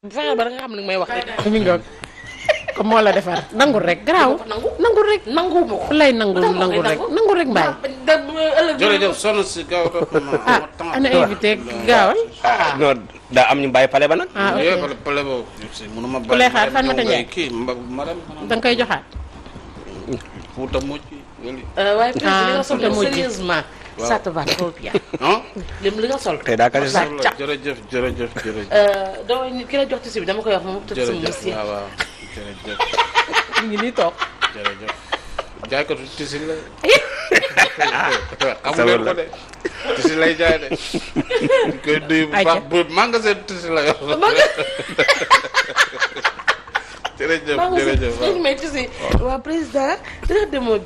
fexeel ba da nga may wax de. mi ngoog comme moo la defar nangu rek. garaaw nangul rek nangu lay nangul nangul rek nangul rek mbaay. jërëjëf sonn si gaaw ah ana invité gaawal. ah daa am ñu bàyyi pale ba nag. ah eh, ok pale boobu. mënuma lay xaar fan ma ta ñëw kii madame. da nga koy joxaat. Fouta Moji. Euh, waaye président ah, sérieusement ça te va trop bien. sol. tey daa kañ sol euh, la jox tissu bi dama koy wax moom. tëj sama monsieur waaw waaw jërëjëf. ñu ngi nii toog. jërëjëf jaaykatu tissu la. amu leen ko de tissu lay jaay de. ñu koy nuyu bu baax bu magasin tissu la yor. jërëjëf jërëjëf waaw may tuuti waa président li tax demoo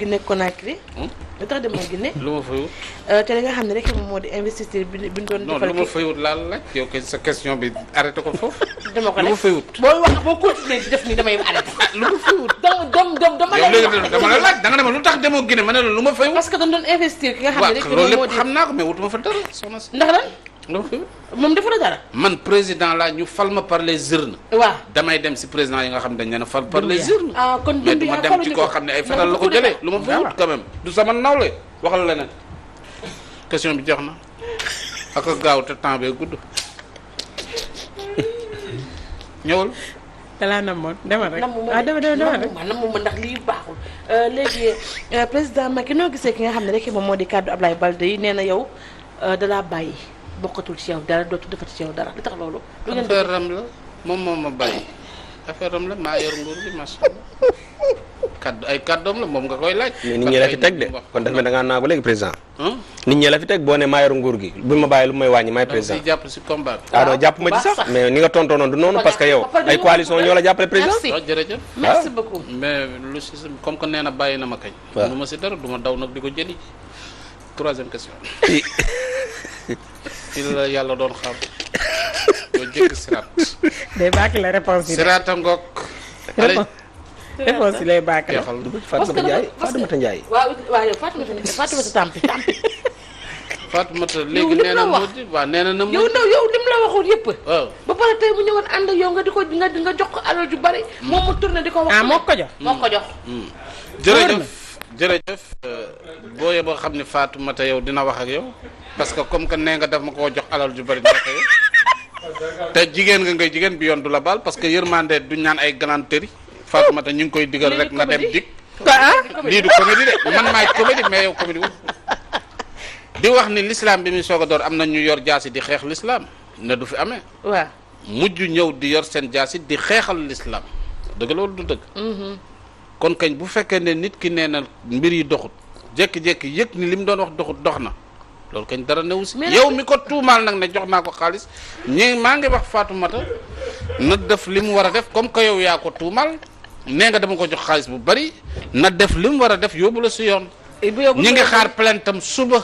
te li nga xam ne moo di investisseur bi bi ñu doon. defal lu ma fay wut laal la yow question bi arrêté ko foofu. ko def lu ma fay wut. boo wax boo continuer di def nii la laaj danga ne lu tax demoo Guinée ma ne la lu ma fay wut. parce que dañu doon investir ki nga xam ne rek. moom moo di xam naa ko mais wutuma fa dara ndax lan. donc moom defu la dara. man président laa ñu fal ma par les urnes. waaw damay dem si président yi nga xam dañ leen fal par les urnes. Ah, kon mais dem ci koo xam ne ay fetal la ko jëlee. lu ma fa wut quand même du sama nawle waxal leneen. question bi jox na ak gaaw te temps bee gudd. ñëwal. dalaa namoon demal rek ah dama dama dama rek namu ma ndax lii baaxul. Euh, léegi euh, président Macky noo gisee ki nga xam ne rek moom moo di kàddu Ablaye Balde yi nee na yow euh, da laa bàyyi. bokkatul ci yow dara dootul defati ci yow dara tax loolu. lu la moom moom ma bàyyi affaire am la maa yor nguur gi macha la moom nga koy laaj. mais nit ñi la fi teg de kon dafa mel président. nit ñi la fi teg boo ne maa nguur gi buñ ma bàyyi lu may wàññi maay président. donc jàpp si combat bi. ah non jàpp ma ci sax mais ni nga tontoo noonu du noonu parce que yow ay coalition ñoo la jàppale président. Ah, ah. mais lu si comme que nee na bàyyi na ma kañ. waaw du ma si dara du ma daw nag di ko jëli troisième question. ci yàlla doon xam doo jëkk siraat. day bàkk la réponse yi siraata ngoog. réponse yi lay bàkk la. léegi nee na mu waaw nee na na mu. yow lim la waxul yëpp. ba pare tey mu ñëwoon ànd yow nga di ko nga nga jox ko alal ju bari. Mm. moom mu tourné di ko wax. Ah, moo ko jox mm. Mm. jërëjëf jërëjëf euh, boo yeboo xam ne Fatoumata yow dina wax ak yow. parce que comme que nee nga daf ma koo jox alal ju bëri eh, te jigéen nga ngay jigéen bi yoon du la baal parce que yërmande du ñaan ay galanterie Fatoumata ñu ngi koy digal rek nga dem dik ah, ah, lii du comédie yow comédie di wax ni lislaam bi muy soog a door am na ñu yor jaasi di xeex lislaam ne du fi amee mujj ñëw di yor seen jaasi di xeexal l'islam dëgg loolu du dëgg mm-hmm. kon kañ bu fekkee ne nit ki nee na mbir yi doxut jékki-jékki yëg ni li mu doon wax doxut dox na loolu kañ dara newu si yow mi ko tuumaal nag ne jox naa ko xaalis ñi maa ngi wax Fatoumata na def li mu war a def comme que yow yaa ko tuumaal nee nga dama ko jox xaalis bu bari na def li mu war a def yóbbu la si yoon ñi ngi xaar plainte am suba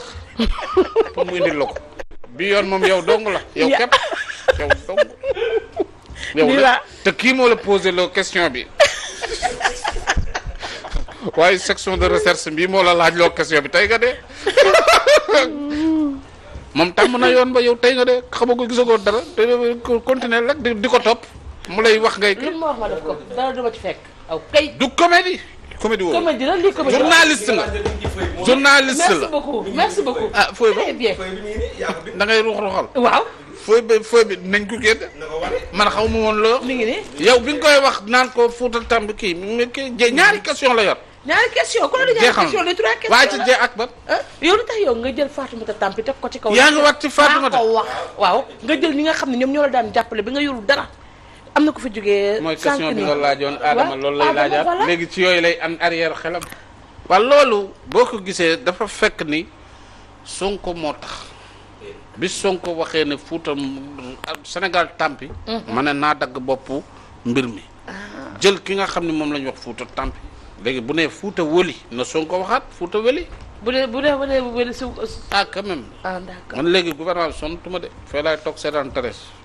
pour mu indil la ko bi yoon moom yow dong la yow képp yow dong yow la te kii moo la posé la question bi waaye section de recherche bii moo la laaj loo question bi tey nga de moom tàmm na yoon ba yow tey nga de xamagoo gisagoo dara te continuer rek di ko topp mu lay wax ngay. wax ma def ko dara du ma ci fekk. du comédie. comédie woowu comédie la lii comédie journaliste la journaliste la merci beaucoup merci beaucoup. ah fooy ba da ruux ruuxal. fooy ba fooy bi nañ ko génn. man xaw ma woon loo. mi ngi nii yow bi nga koy wax naan ko fuutal tàmb kii mi ngi ñaari question la yor. ñaari question ku la di ñaari question les trois questions. waaye ci jeex ak ba. tax yow nga jël Fatoumata Tampi teg ko ci kaw. yaa ngi wax ci Fatoumata maa ko wax. waaw nga jël ñi xam ne ñoom ñoo daan jàppale bi nga yorul dara. am na ko fa jógee. mooy question bi nga laajoon Adama loolu lay laajaat léegi ci yooyu lay am arrière xelam. waa loolu boo ko gisee dafa fekk ni Sonko moo tax bi Sonko waxee ne Fuuta Sénégal Tampi. Mhm. ma naa dagg boppu mbir mi. Ah. jël ki nga xam ne moom lañu wax Fuuta Tampi. léegi bu nee Fouta Woli na Sonko waxaat Fouta Woli. bu dee bu dee bu dee Woli su. ah, ah léegi gouvernement bi sonatu ma de. toog seetaan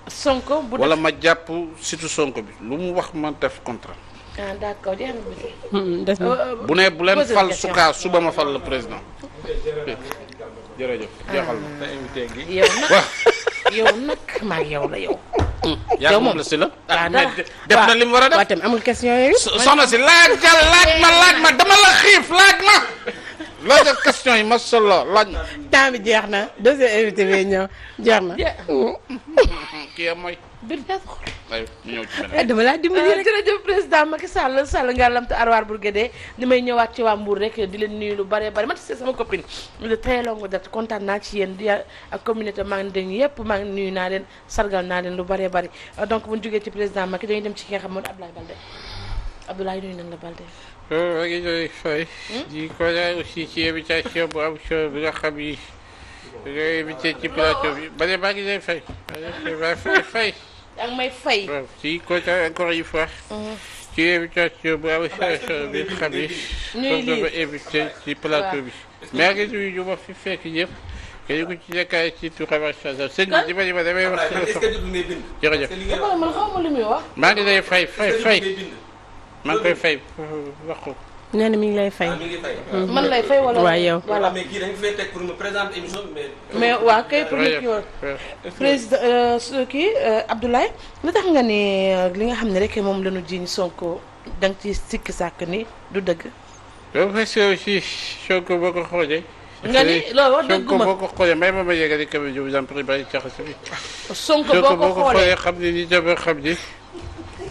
Sonko bu dee ma jàpp surtout Sonko bi lu mu wax ma def contrat. Ah, hmm, hmm, euh, euh, bu ne bu leen fal sukaa suba ma fal le président. jërëjëf ah. jeexal maa yow la yow. Mm. yow moom la si la. ah, ah def na li mu war a def waaw tamit amul question yooyu. soxna si laajal laaj ma laaj ma dama la xiif laaj ma. loo def question yi ma solo laaj na. temps bi jeex na deuxième invité bi ñëw jeex na. mooy. biir d'accord. aywa ñu ñëw ci beneen eh, dama laa dimbali rek eh, jërëjëf président Macky Sall Sall nga lamtu Arwar Bourguédé ni may ñëwaat ci waa mbuur rek di leen nuyu lu bare bare man ci sama copine de très longue date kontaan naa ci yéen di ak communauté maa ngi dégg yëpp maa ngi nuyu naa leen sargal naa leen lu bare bari euh, donc bu ñu jógee ci président Macky dañuy dem ci ki nga xam moom Abdoulaye Balde Abdoulaye nuyu nañ la Balde. maa ngi fay. di ko laaj aussi ci invitation bu am solo bi nga xam ni ngay ba maa ngi lay fay. maa fay fay. ak may fay. waaw di kontaan encore une fois. ci invitation bu am solo bi nga xam ni. ci plateau bi. maa ngi nuyu ñu ma fi fekk ñëpp. kenn ku ci nekkaay ci tur am ak changement sëñ bi dama dama fay fay fay. man ngi koy fay wax mmh, ko. mi ngi lay fay. Ah, mmh. man lay fay wala. waaw yow voilà mais kii dañu fay teg kay pour nit ñi président euh, kii euh, Abdoulaye li tax nga ne euh, li nga xam ne rek moom la ñu jiiñ Sonko da nga ciy sikki sàkk ni du dëgg. loolu fay si aussi Sonko boo ko xoolee. nga ni loolu wax dëgg ma Sonko boo ko xoolee may ma ma yeggali kër yi je vous en boo ko xoolee xam ni ni xam ni.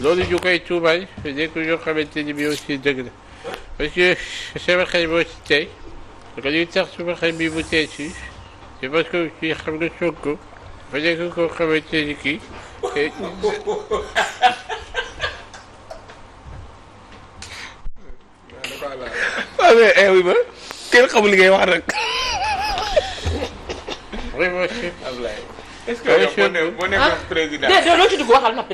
loolu ñu koy tuumaay nekkul yoo xamante ni bi aussi dëgg la parce que sama xel moo ci tey que liy tax sama xel bi mu tey parce que ci xam nga Sonko dafa nekk koo xamante kii ah, waaw mais ma eh kenn xamul li wax nag. est ce que yow boo nekkoon président ah déedéet loo ci dugg waxal noppi.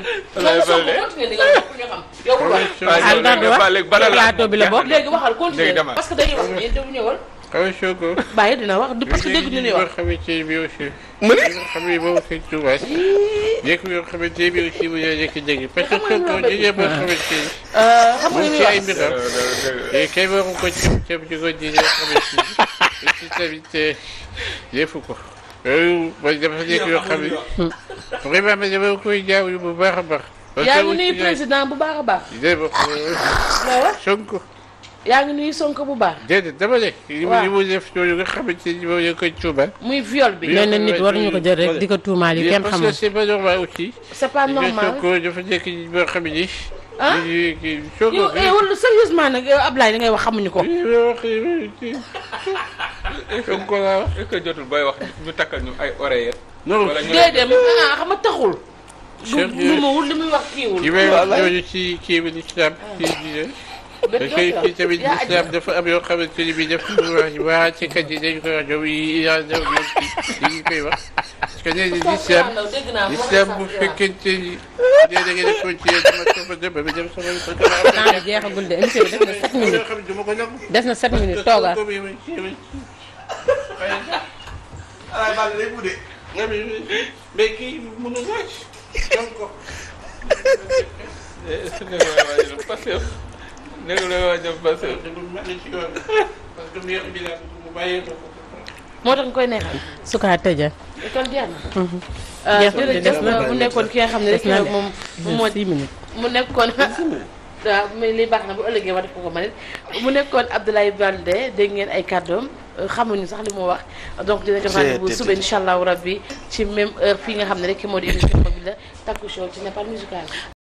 lay bële yow plateau bi la bokk léegi waxal continué parce que dañuy wax yéen dañu ñëwal. xaw soo ko. bàyyi dina wax parce que dégg ñu wax. xam ci bi aussi. mu ne xam ne boobu sëñ Touba. nekk yoo xamante bi aussi bu ñoo nekk dégg parce que soo ko jigéen boo xamante ni. moom ci ay mbiram. kay waru ko ceeb ceeb di ko jigéen xamante ni aussi tamit defu ko. yooyu ba dafa nekk yoo xam ne vraiment nag dama koy jaawyu bu baax a baax. yaa ngi nuyu président bu baax a baax. déedéet Sonko. yaa ngi nuyu Sonko bu baax. déedéet dama ne. waaw li mu def yooyu nga xamante ni muy viol bi. nee na nit war ñu ko jël rek di ko tuumaal yu kenn xamul. parce que c'est pas normal aussi. c'est pas normal Sonko dafa nekk ñi boo xam ni. ah Sonko. Eh, ko. Sonko laa wax est-ce que jotul booy wax ñu takkal ñu ay oreillette. noonu déedéet ah xam nga taxul. Cheikh lu ma wul li muy wax kiiwul. ki may wax ñooñu ci kii bi lislaam ci diine. Ah. kii tamit lislaam dafa am yoo xamante ni bii def wax waa ci kat yi dañ koy wax ñoom yi yaa ñoom ñoom yi koy wax. parce que nee na lislaam lislaam bu fekkente ni nee na ngeen di continuer dama sama dem ba dem sama. temps bi jeexagul de émission bi def na 7 minutes. def na 7 minutes toogal. alaay bàll day budde moo tax nga koy neexam su ko tëjee kon jeex mhm. euh, na mu nekkoon ki nga xam ne rek moom moo mu nekkoon waaw li baax na bu ëllëgee wax def ko ko ma mu nekkoon Abdoulaye Baldé dégg ngeen ay kàddoom xamuñu sax li mu wax donc dina jox rendez-vous suba incha allahu rabbi ci même heure fii nga xam ne rek ki moo di émission bi la Taku Show ci Nepad Musical